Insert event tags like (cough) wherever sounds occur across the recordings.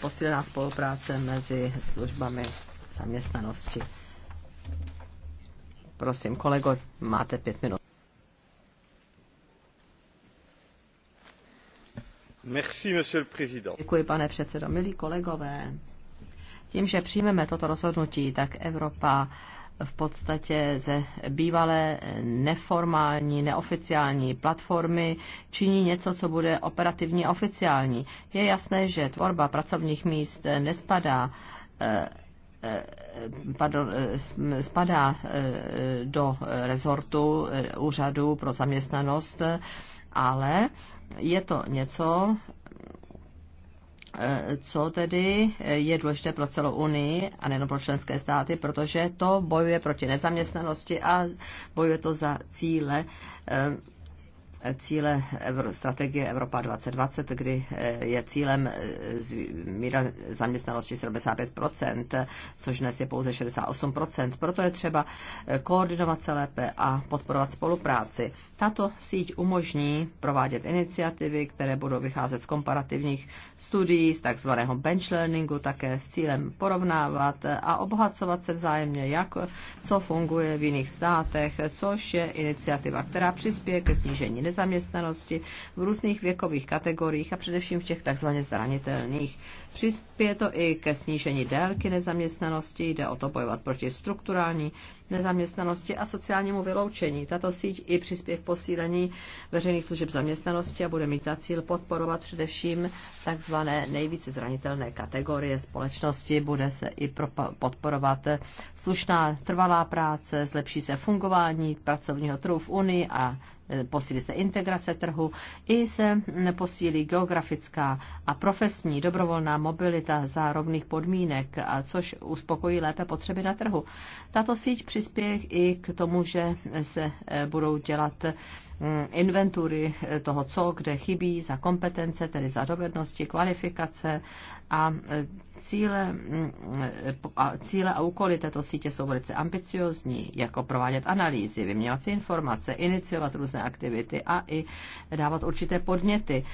posílená spolupráce mezi službami zaměstnanosti. Prosím, kolego, máte pět minut. Merci, monsieur le président. Děkuji, pane předsedo. Milí kolegové, tím, že přijmeme toto rozhodnutí, tak Evropa v podstatě ze bývalé neformální, neoficiální platformy činí něco, co bude operativně oficiální. Je jasné, že tvorba pracovních míst nespadá eh, eh, pardon, eh, spadá do rezortu úřadu pro zaměstnanost, ale je to něco, Eh, co tedy eh, je důležité pro celou Unii a nejen pro členské státy, protože to bojuje proti nezaměstnanosti a bojuje to za cíle eh, cíle strategie Evropa 2020, kdy eh, je cílem eh, míra zaměstnanosti 75%, což dnes je pouze 68%. Proto je třeba eh, koordinovat se lépe a podporovat spolupráci. Tato síť umožní provádět iniciativy, které budou vycházet z komparativních studií, z takzvaného benchlearningu, také s cílem porovnávat a obohacovat se vzájemně, jak co funguje v jiných státech, což je iniciativa, která přispěje ke snížení nezaměstnanosti v různých věkových kategoriích a především v těch takzvaně zranitelných. Přispěje to i ke snížení délky nezaměstnanosti, jde o to bojovat proti strukturální nezaměstnanosti a sociálnímu vyloučení. Tato síť i přispěje k posílení veřejných služeb zaměstnanosti a bude mít za cíl podporovat především takzvané nejvíce zranitelné kategorie společnosti. Bude se i podporovat slušná trvalá práce, zlepší se fungování pracovního trhu v Unii a posílí se integrace trhu i se posílí geografická a profesní dobrovolná mobilita za rovných podmínek, a což uspokojí lépe potřeby na trhu. Tato síť přispěje i k tomu, že se eh, budou dělat Mm, inventury eh, toho, co kde chybí, za kompetence, tedy za dovednosti, kvalifikace a eh, cíle mm, eh, a, cíle a úkoly této sítě jsou velice ambiciozní, jako provádět analýzy, vyměňovat si informace, iniciovat různé aktivity a i dávat určité podněty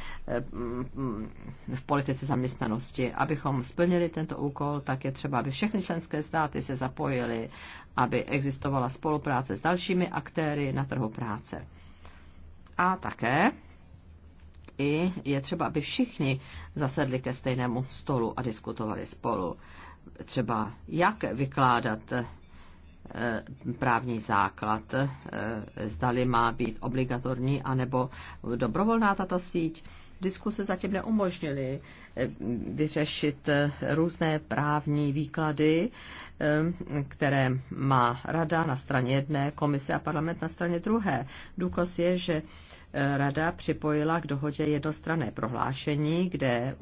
mm, v politice zaměstnanosti. Abychom splnili tento úkol, tak je třeba, aby všechny členské státy se zapojily, aby existovala spolupráce s dalšími aktéry na trhu práce. A také i je třeba, aby všichni zasedli ke stejnému stolu a diskutovali spolu. Třeba jak vykládat eh, právní základ, eh, zdali má být obligatorní anebo dobrovolná tato síť Diskuse zatím neumožnily eh, vyřešit eh, různé právní výklady, eh, které má rada na straně jedné, komise a parlament na straně druhé. Důkaz je, že Rada připojila k dohodě jednostranné prohlášení, kde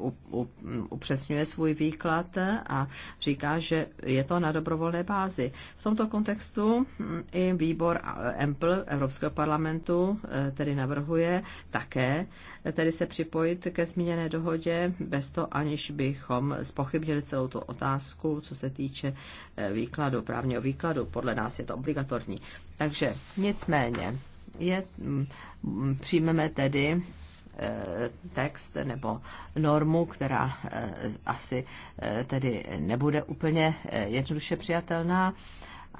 upřesňuje svůj výklad a říká, že je to na dobrovolné bázi. V tomto kontextu hm, i výbor EMPL Evropského parlamentu tedy navrhuje také, tedy se připojí připojit ke zmíněné dohodě, bez toho aniž bychom spochybnili celou tu otázku, co se týče eh, výkladu, právního výkladu. Podle nás je to obligatorní. Takže nicméně je, mm, mm, přijmeme tedy eh, text nebo normu, která eh, asi tedy nebude úplně jednoduše přijatelná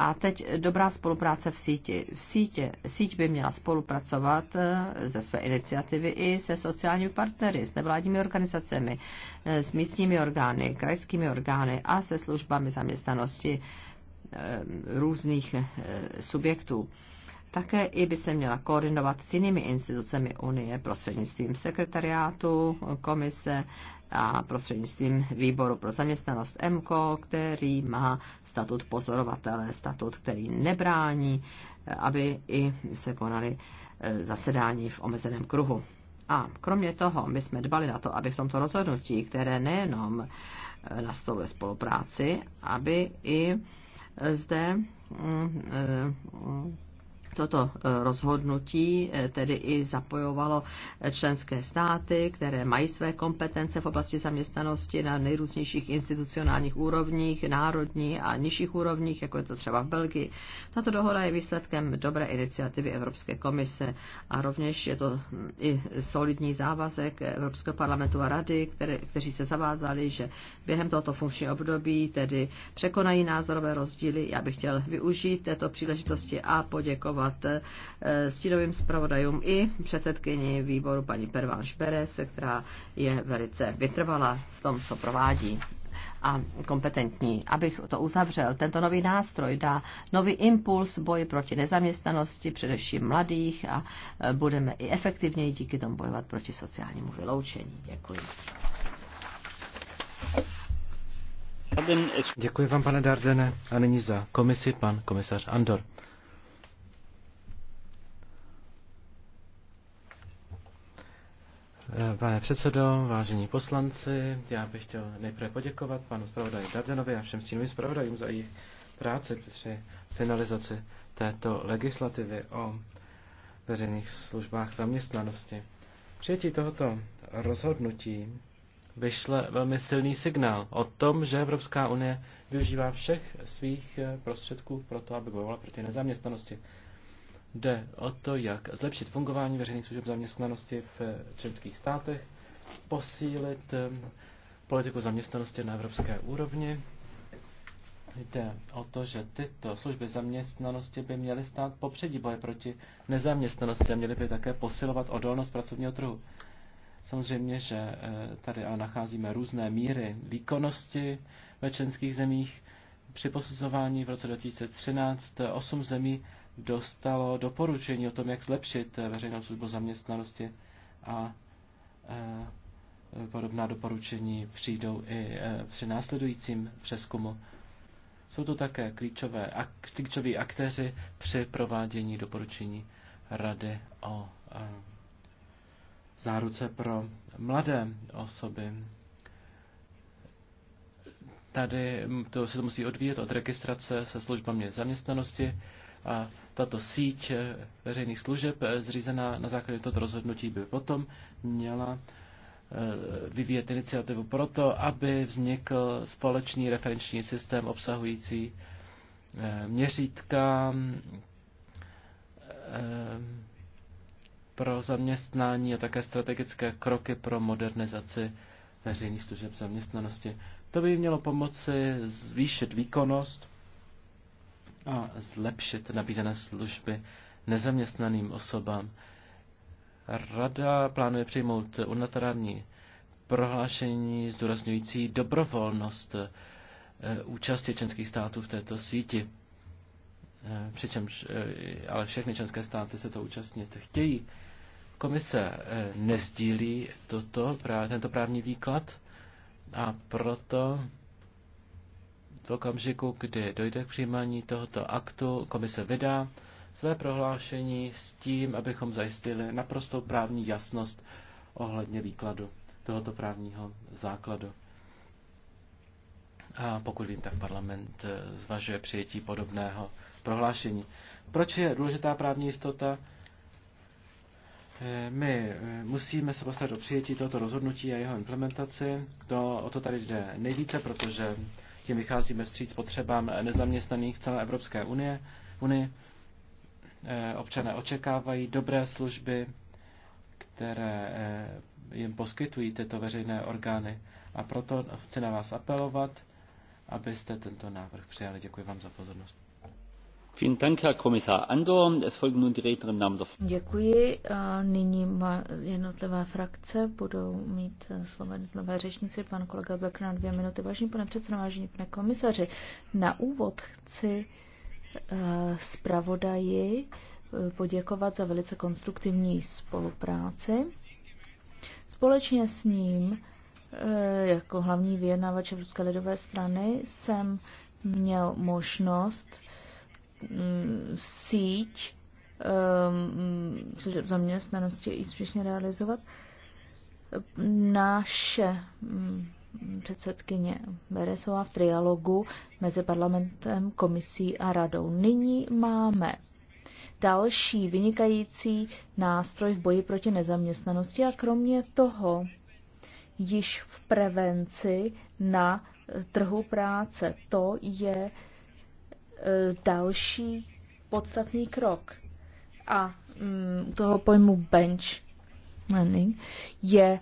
a teď dobrá spolupráce v síti. V sítě. Síť by měla spolupracovat eh, ze své iniciativy i se sociálními partnery, s nevládními organizacemi, eh, s místními orgány, krajskými orgány a se službami zaměstnanosti eh, různých subjektů také i by se měla koordinovat s jinými institucemi Unie prostřednictvím sekretariátu komise a prostřednictvím výboru pro zaměstnanost MKO, který má statut pozorovatele, statut, který nebrání, eh, aby i se konaly eh, zasedání v omezeném kruhu. A kromě toho, my jsme dbali na to, aby v tomto rozhodnutí, které nejenom eh, na stole spolupráci, aby i zde mm, Toto e, rozhodnutí e, tedy i zapojovalo e, členské státy, které mají své kompetence v oblasti zaměstnanosti na nejrůznějších institucionálních úrovních, národní a nižších úrovních, jako je to třeba v Belgii. Tato dohoda je výsledkem dobré iniciativy Evropské komise a rovněž je to mm, i solidní závazek Evropského parlamentu a rady, které, kteří se zavázali, že během tohoto funkčního období tedy překonají názorové rozdíly. Já bych chtěl využít této příležitosti a poděkovat poděkovat eh, stínovým zpravodajům i předsedkyni výboru paní Pervánš Šperes, která je velice vytrvala v tom, co provádí a kompetentní. Abych to uzavřel, tento nový nástroj dá nový impuls boji proti nezaměstnanosti, především mladých a eh, budeme i efektivněji díky tomu bojovat proti sociálnímu vyloučení. Děkuji. Děkuji vám, pane Dardene. A nyní za komisi pan komisař Andor. Pane předsedo, vážení poslanci, já bych chtěl nejprve poděkovat panu zpravodaji Dardenovi a všem stínovým zpravodajům za jejich práci při finalizaci této legislativy o veřejných službách zaměstnanosti. Přijetí tohoto rozhodnutí vyšle velmi silný signál o tom, že Evropská unie využívá všech svých prostředků pro to, aby bojovala proti nezaměstnanosti. Jde o to, jak zlepšit fungování veřejných služeb zaměstnanosti v členských státech, posílit eh, politiku zaměstnanosti na evropské úrovni. Jde o to, že tyto služby zaměstnanosti by měly stát popředí boje proti nezaměstnanosti a měly by také posilovat odolnost pracovního trhu. Samozřejmě, že eh, tady ale nacházíme různé míry výkonnosti ve členských zemích. Při posuzování v roce 2013 8 zemí dostalo doporučení o tom, jak zlepšit eh, veřejnou službu zaměstnanosti a eh, podobná doporučení přijdou i eh, při následujícím přeskumu. Jsou to také klíčové, klíčoví aktéři při provádění doporučení Rady o záruce pro mladé osoby. Tady mm, to se to musí odvíjet od registrace se službami zaměstnanosti, a tato síť eh, veřejných služeb eh, zřízená na základě tohoto rozhodnutí by potom měla eh, vyvíjet iniciativu proto, aby vznikl společný referenční systém obsahující měřítka pro zaměstnání a také strategické kroky pro modernizaci veřejných služeb zaměstnanosti. To by mělo pomoci zvýšit výkonnost a zlepšit nabízené služby nezaměstnaným osobám. Rada plánuje přijmout unilaterální prohlášení zdůrazňující dobrovolnost eh, účasti členských států v této síti. Eh, přičemž eh, ale všechny členské státy se to účastnit chtějí. Komise nezdílí toto, tento právní výklad a proto v okamžiku, kdy dojde k přijímání tohoto aktu, komise vydá své prohlášení s tím, abychom zajistili naprostou právní jasnost ohledně výkladu tohoto právního základu. A pokud vím, tak parlament eh, zvažuje přijetí podobného prohlášení. Proč je důležitá právní jistota? Eh, my eh, musíme se postavit o přijetí tohoto rozhodnutí a jeho implementaci. To, o to tady jde nejvíce, protože tím vycházíme vstříc potřebám nezaměstnaných v celé Evropské unie. unie. Eh, občané očekávají dobré služby, které eh, jim poskytují tyto veřejné orgány. A proto chci na vás apelovat, abyste tento návrh přijali. Děkuji vám za pozornost. Děkuji. nyní má jednotlivé frakce budou mít eh, slovo jednotlivé řečníci. Pan kolega Black na dvě minuty. Vážený pane předsedo, vážený pane komisaři, na úvod chci eh, zpravodaji eh, poděkovat za velice konstruktivní spolupráci. Společně s ním jako hlavní vyjednavač Evropské lidové strany jsem měl možnost Mm, síť um, zaměstnanosti i spěšně realizovat. Naše mm, předsedkyně Beresová v trialogu mezi parlamentem, komisí a radou. Nyní máme další vynikající nástroj v boji proti nezaměstnanosti a kromě toho již v prevenci na trhu práce. To je E, další podstatný krok. A mm, toho pojmu bench learning je,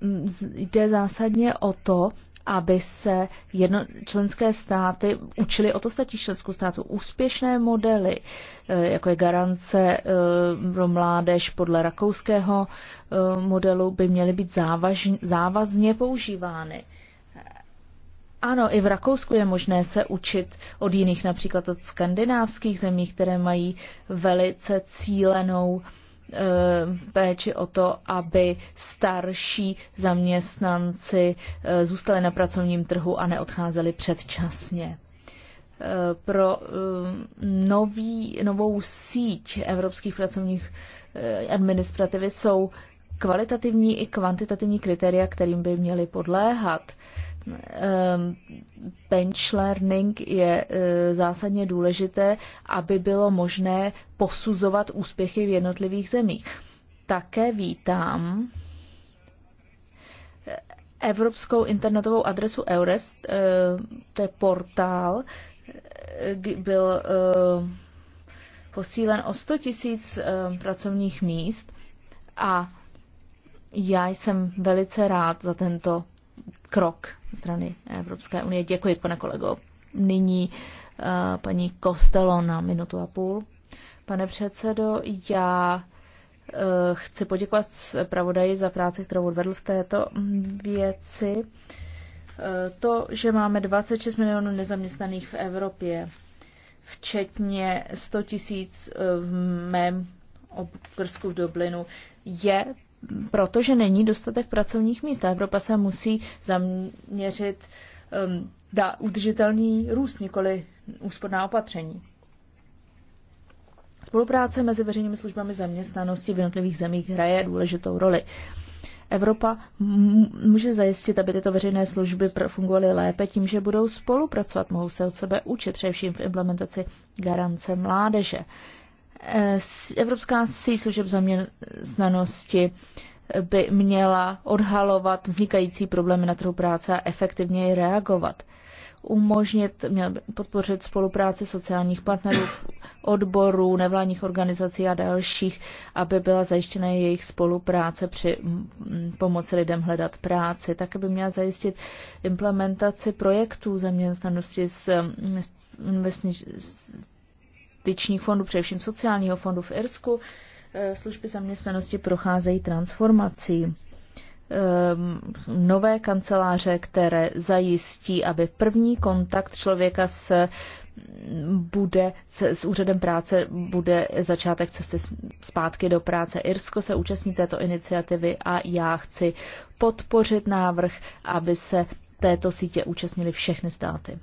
mm, jde zásadně o to, aby se jedno, členské státy o od ostatních členských států úspěšné modely, e, jako je garance e, pro mládež podle rakouského modelu, by měly být závažně, závazně používány. Ano, i v Rakousku je možné se učit od jiných, například od skandinávských zemí, které mají velice cílenou e, péči o to, aby starší zaměstnanci e, zůstali na pracovním trhu a neodcházeli předčasně. E, pro nový, novou síť evropských pracovních administrativy jsou kvalitativní i kvantitativní kritéria, kterým by měly podléhat. E, Ehm, bench learning je eh, zásadně důležité, aby bylo možné posuzovat úspěchy v jednotlivých zemích. Také vítám eh, evropskou internetovou adresu EURES, eh, to je portál, byl posílen o 100 tisíc pracovních míst a já jsem velice rád za tento krok strany Evropské unie. Děkuji, pane kolego. Nyní eh, paní Kostelo na minutu a půl. Pane předsedo, já eh, chci poděkovat zpravodaji za práci, kterou odvedl v této věci. Eh, to, že máme 26 milionů nezaměstnaných v Evropě, včetně 100 tisíc v mém okrsku v Dublinu, je protože není dostatek pracovních míst. Evropa se musí zaměřit um, na udržitelný růst, nikoli úsporná opatření. Spolupráce mezi veřejnými službami zaměstnanosti v jednotlivých zemích hraje důležitou roli. Evropa může zajistit, aby tyto veřejné služby fungovaly lépe tím, že budou spolupracovat, mohou se od sebe učit, především v implementaci garance mládeže. Eh, Evropská síť služeb zaměstnanosti by měla odhalovat vznikající problémy na trhu práce a efektivněji reagovat. Umožnit, měl by podpořit spolupráci sociálních partnerů, odborů, nevládních organizací a dalších, aby byla zajištěna jejich spolupráce při pomoci lidem hledat práci. Také by měla zajistit implementaci projektů zaměstnanosti s investičních fondů, především sociálního fondu v Irsku, eh, služby zaměstnanosti procházejí transformací. Ehm, nové kanceláře, které zajistí, aby první kontakt člověka s bude se, s úřadem práce bude začátek cesty zpátky do práce. Irsko se účastní této iniciativy a já chci podpořit návrh, aby se této sítě účastnili všechny státy.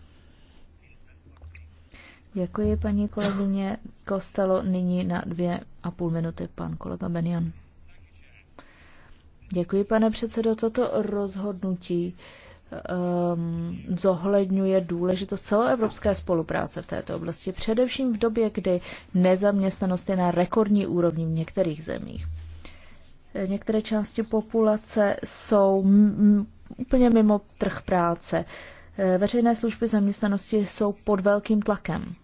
Děkuji, paní kolegyně Kostelo. Nyní na dvě a půl minuty pan kolega Benjan. Děkuji, pane předsedo. Toto rozhodnutí um, zohledňuje důležitost celoevropské spolupráce v této oblasti, především v době, kdy nezaměstnanost je na rekordní úrovni v některých zemích. Některé části populace jsou úplně mimo trh práce. Veřejné služby zaměstnanosti jsou pod velkým tlakem.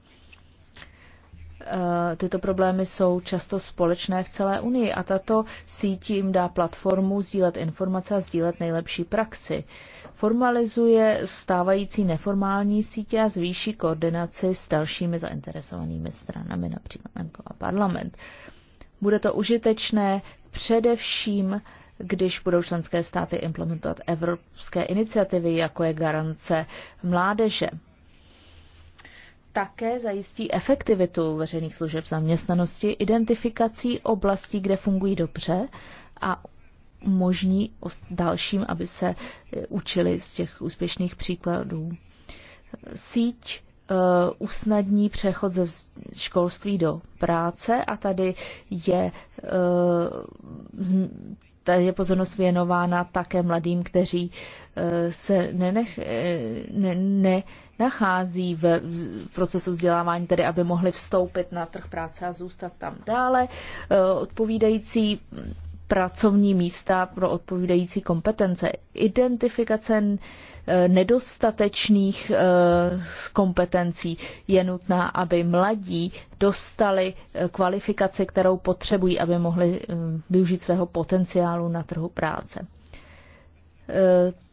Eh, tyto problémy jsou často společné v celé Unii a tato síť jim dá platformu sdílet informace a sdílet nejlepší praxi. Formalizuje stávající neformální sítě a zvýší koordinaci s dalšími zainteresovanými stranami, například a parlament. Bude to užitečné především když budou členské státy implementovat evropské iniciativy, jako je garance mládeže také zajistí efektivitu veřejných služeb zaměstnanosti identifikací oblastí, kde fungují dobře a umožní dalším, aby se e, učili z těch úspěšných příkladů. Síť e, usnadní přechod ze školství do práce a tady je e, Tady je pozornost věnována také mladým, kteří eh, se nenech, eh, ne, nenachází v procesu vzdělávání, tedy aby mohli vstoupit na trh práce a zůstat tam dále. Eh, odpovídající pracovní místa pro odpovídající kompetence. Identifikace eh, nedostatečných eh, kompetencí je nutná, aby mladí dostali eh, kvalifikaci, kterou potřebují, aby mohli využít svého potenciálu na trhu práce.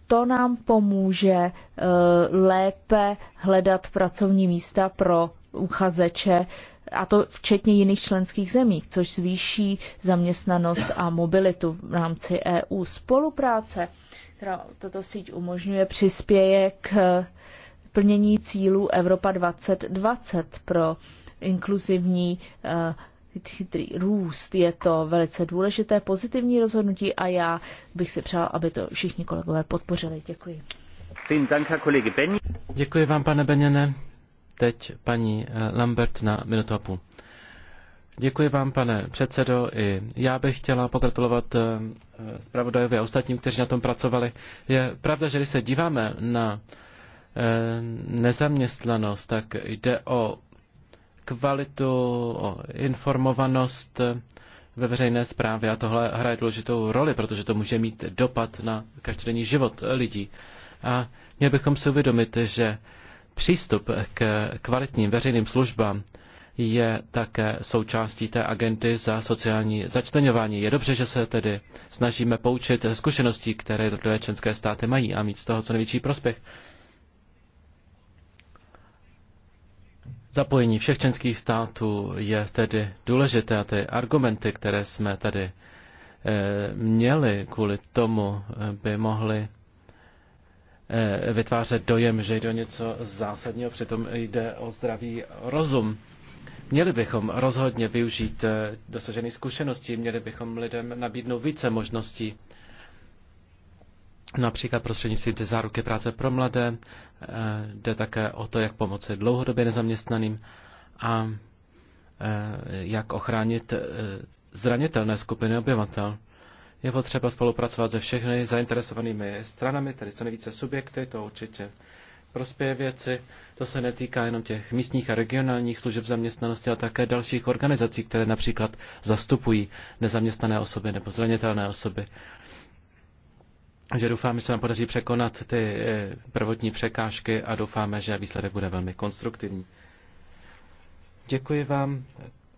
To nám pomůže lépe hledat pracovní místa pro uchazeče, a to včetně jiných členských zemí, což zvýší zaměstnanost a mobilitu v rámci EU. Spolupráce, která tato síť umožňuje, přispěje k plnění cílů Evropa 2020 pro inkluzivní eh, chytrý růst. Je to velice důležité pozitivní rozhodnutí a já bych si přál, aby to všichni kolegové podpořili. Děkuji. Děkuji vám, pane Beněne. Teď paní eh, Lambert na minutu a půl. Děkuji vám, pane předsedo. I já bych chtěla pogratulovat eh, eh, zpravodajovi a ostatním, kteří na tom pracovali. Je pravda, že když se díváme na nezaměstnanost, tak jde o kvalitu, o informovanost ve veřejné správě a tohle hraje důležitou roli, protože to může mít dopad na každodenní život lidí. A měli bychom si uvědomit, že Přístup k kvalitním veřejným službám je také součástí té agendy za sociální začteňování. Je dobře, že se tedy snažíme poučit zkušeností, které jednotlivé členské státy mají a mít z toho co největší prospěch. Zapojení všech členských států je tedy důležité a ty argumenty, které jsme tady eh, měli kvůli tomu, eh, by mohly Eh, vytvářet dojem, že jde o něco zásadního, přitom jde o zdravý rozum. Měli bychom rozhodně využít eh, dosažených zkušeností, měli bychom lidem nabídnout více možností, například prostřednictvím ty záruky práce pro mladé, eh, jde také o to, jak pomoci dlouhodobě nezaměstnaným a jak ochránit zranitelné skupiny obyvatel. Je potřeba spolupracovat se všechny zainteresovanými stranami, tedy co nejvíce subjekty, to určitě prospěje věci. To se netýká jenom těch místních a regionálních služeb zaměstnanosti, ale také dalších organizací, které například zastupují nezaměstnané osoby nebo zranitelné osoby. Takže doufáme, že se nám podaří překonat ty eh, prvotní překážky a doufáme, že výsledek bude velmi konstruktivní. Děkuji vám,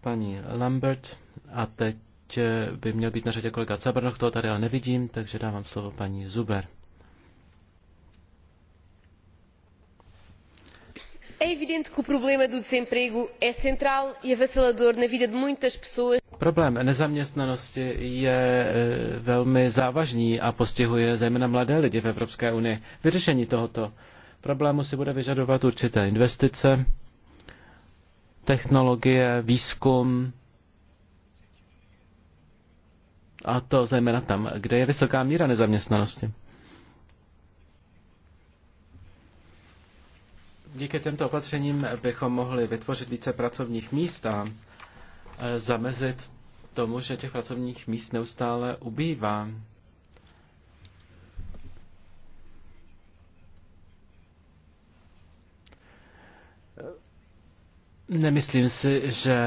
paní Lambert. A teď teď eh, by měl být na řadě kolega Cabrnoch, toho tady ale nevidím, takže dávám slovo paní Zuber. É evidente que o problema do desemprego é central e avassalador na vida de muitas pessoas. Problém nezaměstnanosti je eh, velmi závažný a postihuje zejména mladé lidi v Evropské unii. Vyřešení tohoto problému si bude vyžadovat určité investice, technologie, výzkum, a to zejména tam, kde je vysoká míra nezaměstnanosti. Díky těmto opatřením bychom mohli vytvořit více pracovních míst a e, zamezit tomu, že těch pracovních míst neustále ubývá. Nemyslím si, že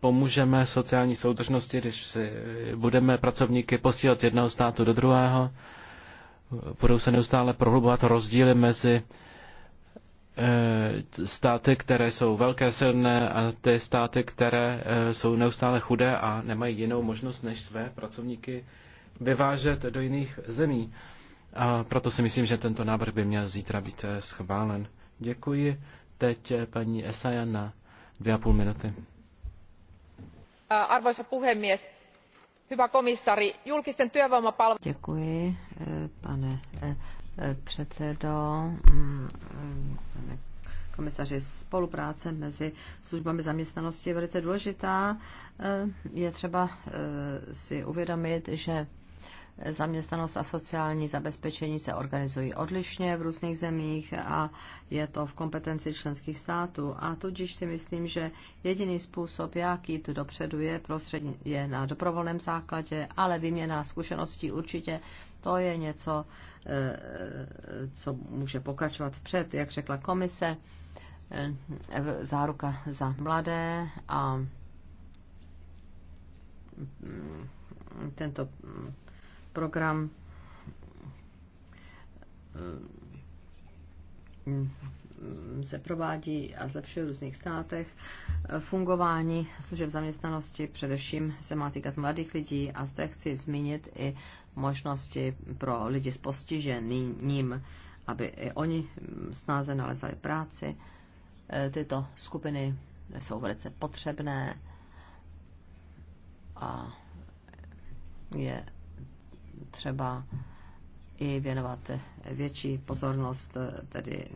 pomůžeme sociální soudržnosti, když si budeme pracovníky posílat z jednoho státu do druhého. Budou se neustále prohlubovat rozdíly mezi e, státy, které jsou velké, silné a ty státy, které e, jsou neustále chudé a nemají jinou možnost, než své pracovníky vyvážet do jiných zemí. A proto si myslím, že tento návrh by měl zítra být e, schválen. Děkuji. Teď eh, paní Esaja na dvě a půl minuty. Eh, arvoisa puhemies, hyvä komissari, julkisten työvoimapalvelujen... Děkuji, eh, pane předsedo, mm, pane komisaři, spolupráce mezi službami zaměstnanosti je velice důležitá. Je třeba si uvědomit, že zaměstnanost a sociální zabezpečení se organizují odlišně v různých zemích a je to v kompetenci členských států. A tudíž si myslím, že jediný způsob, jak jít dopředu, je, prostřední, je na dobrovolném základě, ale vyměna zkušeností určitě to je něco, eh, co může pokračovat vpřed, jak řekla komise, eh, záruka za mladé a mm, tento program eh, se provádí a zlepšuje v různých státech. Eh, fungování služeb zaměstnanosti především se má týkat mladých lidí a zde chci zmínit i možnosti pro lidi s postižením, aby i oni snáze nalezali práci. Eh, tyto skupiny jsou velice potřebné a je třeba i věnovat větší pozornost tedy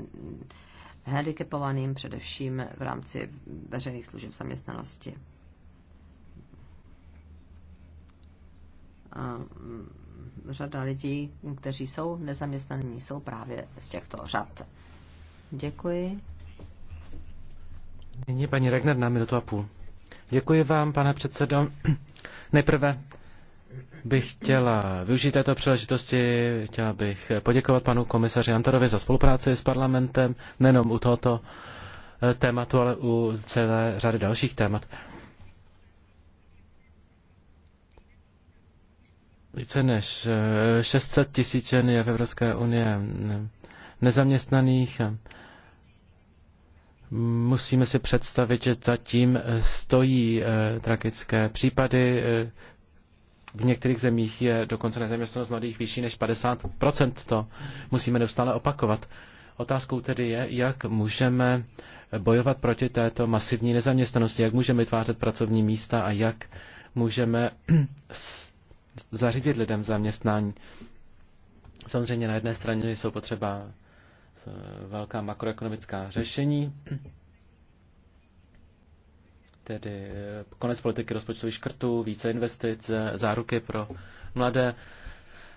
handicapovaným, především v rámci veřejných služeb zaměstnanosti. A mm, řada lidí, kteří jsou nezaměstnaní, jsou právě z těchto řad. Děkuji. Nyní paní Regner na minutu a půl. Děkuji vám, pane předsedo. (clears throat) Nejprve bych chtěla využít této příležitosti, chtěla bych poděkovat panu komisaři Antorovi za spolupráci s parlamentem, nejenom u tohoto eh, tématu, ale u celé řady dalších témat. Více než 600 eh, tisíc žen je v Evropské unii nezaměstnaných. Musíme si představit, že zatím eh, stojí tragické případy v některých zemích je dokonce nezaměstnanost mladých vyšší než 50%. To musíme neustále opakovat. Otázkou tedy je, jak můžeme bojovat proti této masivní nezaměstnanosti, jak můžeme vytvářet pracovní místa a jak můžeme (clears throat) zařídit lidem zaměstnání. Samozřejmě na jedné straně jsou potřeba e, velká makroekonomická řešení, tedy eh, konec politiky rozpočtových škrtů, více investic, eh, záruky pro mladé,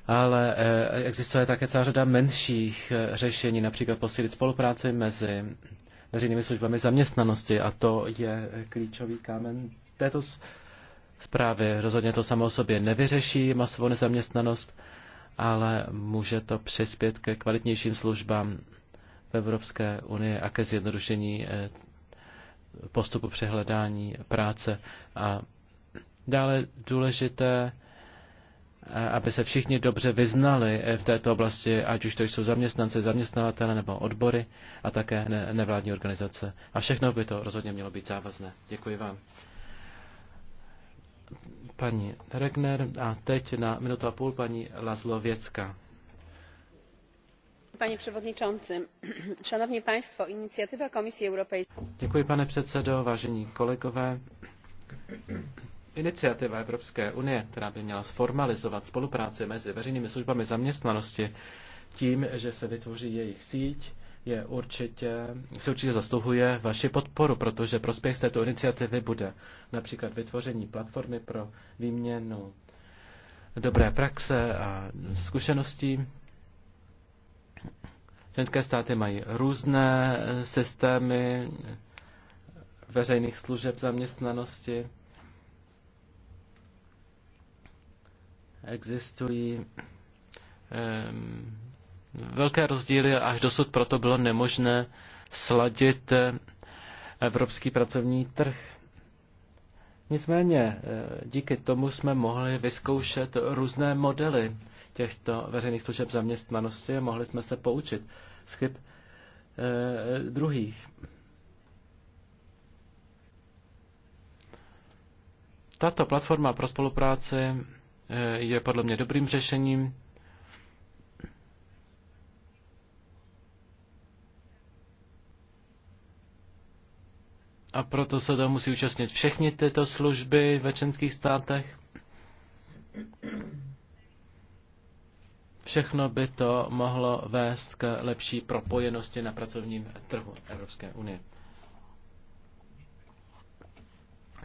ale eh, existuje také celá řada menších řešení, například posílit spolupráci mezi veřejnými službami zaměstnanosti a to je klíčový kámen této zprávy. Rozhodně to samo o sobě nevyřeší masovou nezaměstnanost, ale může to přispět ke kvalitnějším službám v Evropské unii a ke zjednodušení postupu při hledání práce. A dále důležité, aby se všichni dobře vyznali v této oblasti, ať už to jsou zaměstnanci, zaměstnavatele nebo odbory a také nevládní organizace. A všechno by to rozhodně mělo být závazné. Děkuji vám. Paní Regner a teď na minutu a půl paní Lazlověcka. Děkuji, pane předsedo, vážení kolegové. Iniciativa Evropské unie, která by měla sformalizovat spolupráci mezi veřejnými službami zaměstnanosti tím, že se vytvoří jejich síť, si se určitě zasluhuje vaši podporu, protože prospěch z této iniciativy bude například vytvoření platformy pro výměnu dobré praxe a zkušeností Členské státy mají různé systémy veřejných služeb zaměstnanosti. Existují um, velké rozdíly až dosud proto bylo nemožné sladit eh, evropský pracovní trh. Nicméně eh, díky tomu jsme mohli vyzkoušet různé modely těchto veřejných služeb zaměstnanosti a mohli jsme se poučit z chyb eh, druhých. Tato platforma pro spolupráci eh, je podle mě dobrým řešením. A proto se to musí účastnit všechny tyto služby ve členských státech. Všechno by to mohlo vést k lepší propojenosti na pracovním trhu Evropské unie.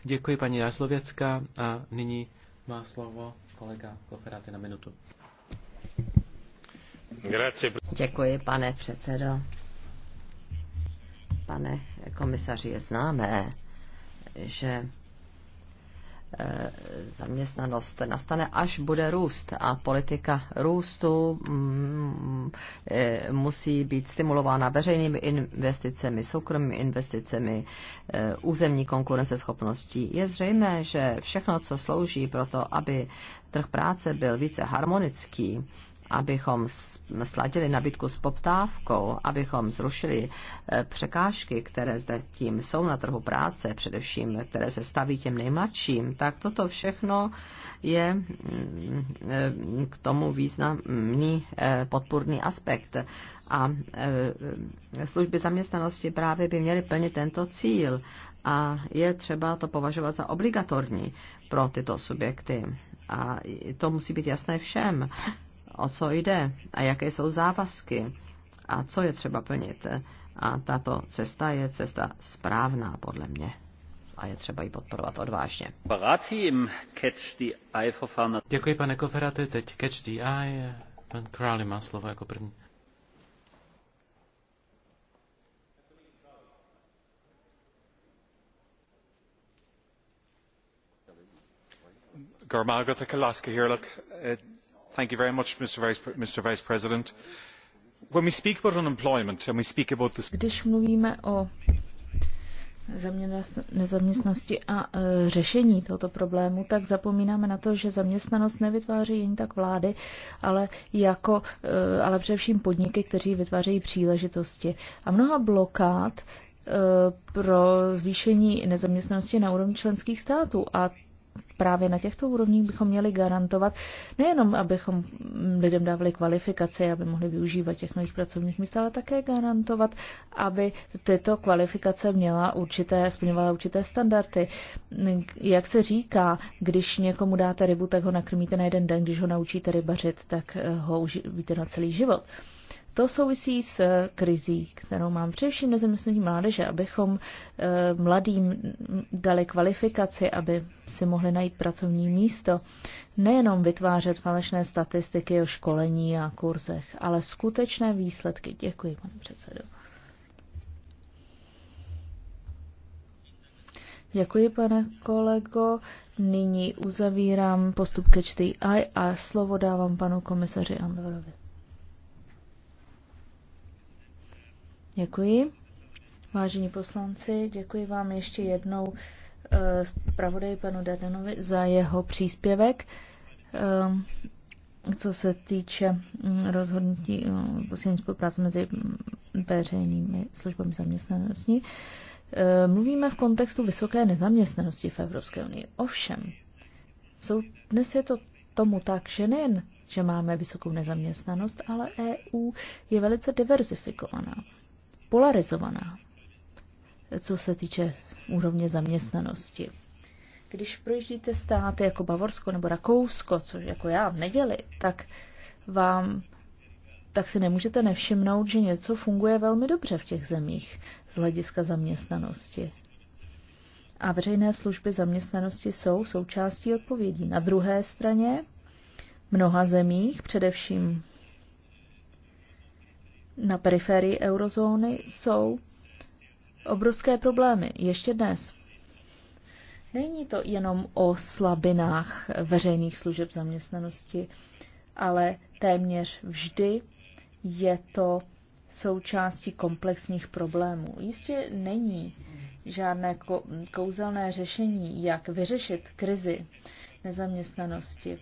Děkuji paní Jaslověcká a nyní má slovo kolega Koferáty na minutu. Děkuji, pane předsedo. Pane komisaři, je známé, že Eh, zaměstnanost nastane, až bude růst. A politika růstu mm, eh, musí být stimulována veřejnými investicemi, soukromými investicemi, eh, územní konkurenceschopností. Je zřejmé, že všechno, co slouží pro to, aby trh práce byl více harmonický, abychom sladili nabídku s poptávkou, abychom zrušili eh, překážky, které zde tím jsou na trhu práce, především které se staví těm nejmladším, tak toto všechno je mm, eh, k tomu významný eh, podpůrný aspekt. A služby zaměstnanosti právě by měly plnit tento cíl a je třeba to považovat za obligatorní pro tyto subjekty. A to musí být jasné všem o co jde a jaké jsou závazky a co je třeba plnit. A tato cesta je cesta správná podle mě a je třeba ji podporovat odvážně. Děkuji, pane Koferaty. Teď Catch the Eye. Pan Crowley má slovo jako první. Garmága, tak láska, Mr. President. When we speak about unemployment and we speak about Když mluvíme o nezaměstnanosti a e, řešení tohoto problému, tak zapomínáme na to, že zaměstnanost nevytváří jen tak vlády, ale, jako, e, ale především podniky, kteří vytvářejí příležitosti. A mnoha blokád e, pro zvýšení nezaměstnanosti na úrovni členských států. A právě na těchto úrovních bychom měli garantovat nejenom, abychom lidem dávali kvalifikaci, aby mohli využívat těch nových pracovních míst, ale také garantovat, aby tyto kvalifikace měla určité, splňovala určité standardy. Jak se říká, když někomu dáte rybu, tak ho nakrmíte na jeden den, když ho naučíte rybařit, tak ho užijete na celý život. To souvisí s eh, krizí, kterou mám především nezaměstnaní mládeže, abychom eh, mladým dali kvalifikaci, aby si mohli najít pracovní místo. Nejenom vytvářet falešné statistiky o školení a kurzech, ale skutečné výsledky. Děkuji, pane předsedo. Děkuji, pane kolego. Nyní uzavírám postup ke čtyři a slovo dávám panu komisaři Andorovi. Děkuji. Vážení poslanci, děkuji vám ještě jednou eh, zpravodaji panu Dadenovi za jeho příspěvek. Eh, co se týče mm, rozhodnutí eh, posílení spolupráce mezi mm, veřejnými službami zaměstnanosti, mluvíme v kontextu vysoké nezaměstnanosti v Evropské unii. Ovšem, jsou, dnes je to tomu tak, že nejen, že máme vysokou nezaměstnanost, ale EU je velice diverzifikovaná polarizovaná, co se týče úrovně zaměstnanosti. Když projíždíte státy jako Bavorsko nebo Rakousko, což jako já v neděli, tak vám tak si nemůžete nevšimnout, že něco funguje velmi dobře v těch zemích z hlediska zaměstnanosti. A veřejné služby zaměstnanosti jsou součástí odpovědí. Na druhé straně, v mnoha zemích, především na periferii eurozóny jsou obrovské problémy ještě dnes. Není to jenom o slabinách veřejných služeb zaměstnanosti, ale téměř vždy je to součástí komplexních problémů. Jistě není žádné kouzelné řešení, jak vyřešit krizi nezaměstnanosti.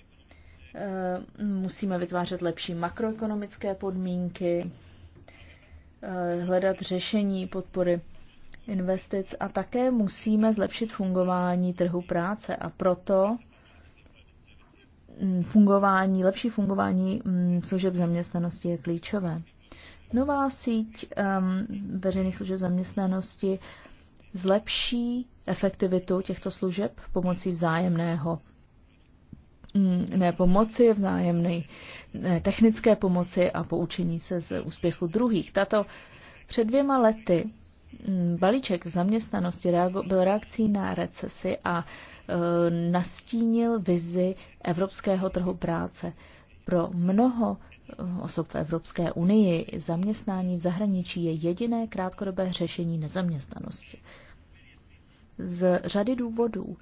E, musíme vytvářet lepší makroekonomické podmínky, Eh, hledat řešení podpory investic a také musíme zlepšit fungování trhu práce a proto mm, fungování, lepší fungování mm, služeb zaměstnanosti je klíčové. Nová síť um, veřejných služeb zaměstnanosti zlepší efektivitu těchto služeb pomocí vzájemného Mm, ne pomoci, vzájemné technické pomoci a poučení se z úspěchu druhých. Tato před dvěma lety mm, balíček v zaměstnanosti byl reakcí na recesi a e, nastínil vizi evropského trhu práce. Pro mnoho e, osob v Evropské unii zaměstnání v zahraničí je jediné krátkodobé řešení nezaměstnanosti. Z řady důvodů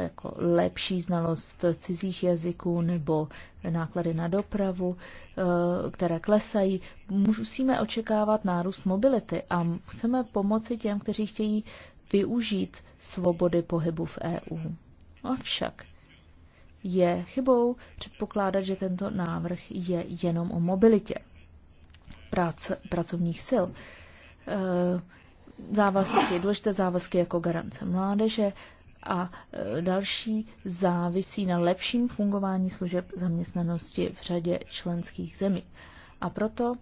jako lepší znalost cizích jazyků nebo náklady na dopravu, eh, které klesají. Musíme očekávat nárůst mobility a chceme pomoci těm, kteří chtějí využít svobody pohybu v EU. Avšak je chybou předpokládat, že tento návrh je jenom o mobilitě práce, pracovních sil. Eh, závazky, důležité závazky jako garance mládeže, a e, další závisí na lepším fungování služeb zaměstnanosti v řadě členských zemí. A proto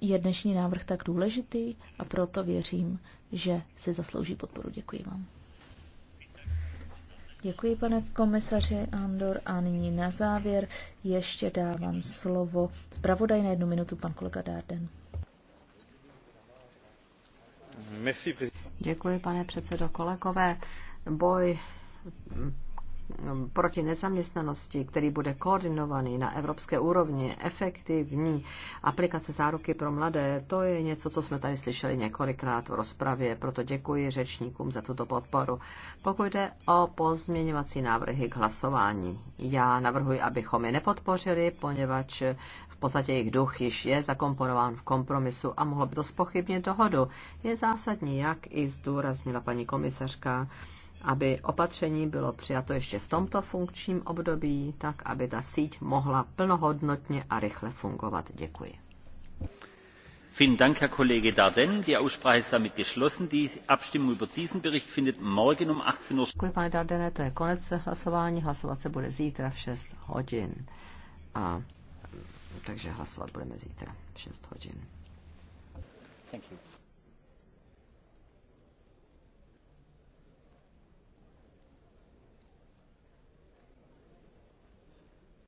je dnešní návrh tak důležitý a proto věřím, že si zaslouží podporu. Děkuji vám. Děkuji, pane komisaři Andor. A nyní na závěr ještě dávám slovo zpravodaj na jednu minutu, pan kolega Darden. Děkuji, pane předsedo. Kolegové, boj mm, proti nezaměstnanosti, který bude koordinovaný na evropské úrovni, efektivní aplikace záruky pro mladé, to je něco, co jsme tady slyšeli několikrát v rozpravě, proto děkuji řečníkům za tuto podporu. Pokud jde o pozměňovací návrhy k hlasování, já navrhuji, abychom je nepodpořili, poněvadž v podstatě jejich duch již je zakomponován v kompromisu a mohlo by to spochybnit dohodu. Je zásadní, jak i zdůraznila paní komisařka, aby opatření bylo přijato ještě v tomto funkčním období, tak aby ta síť mohla plnohodnotně a rychle fungovat. Děkuji. Vielen Dank, Herr Kollege Darden. Die Aussprache ist damit geschlossen. Die Abstimmung über diesen Bericht findet morgen um 18 Uhr. Děkuji, pane Dardene, to je konec hlasování. Hlasovat se bude zítra v 6 hodin. A, takže hlasovat budeme zítra v 6 hodin. Thank you.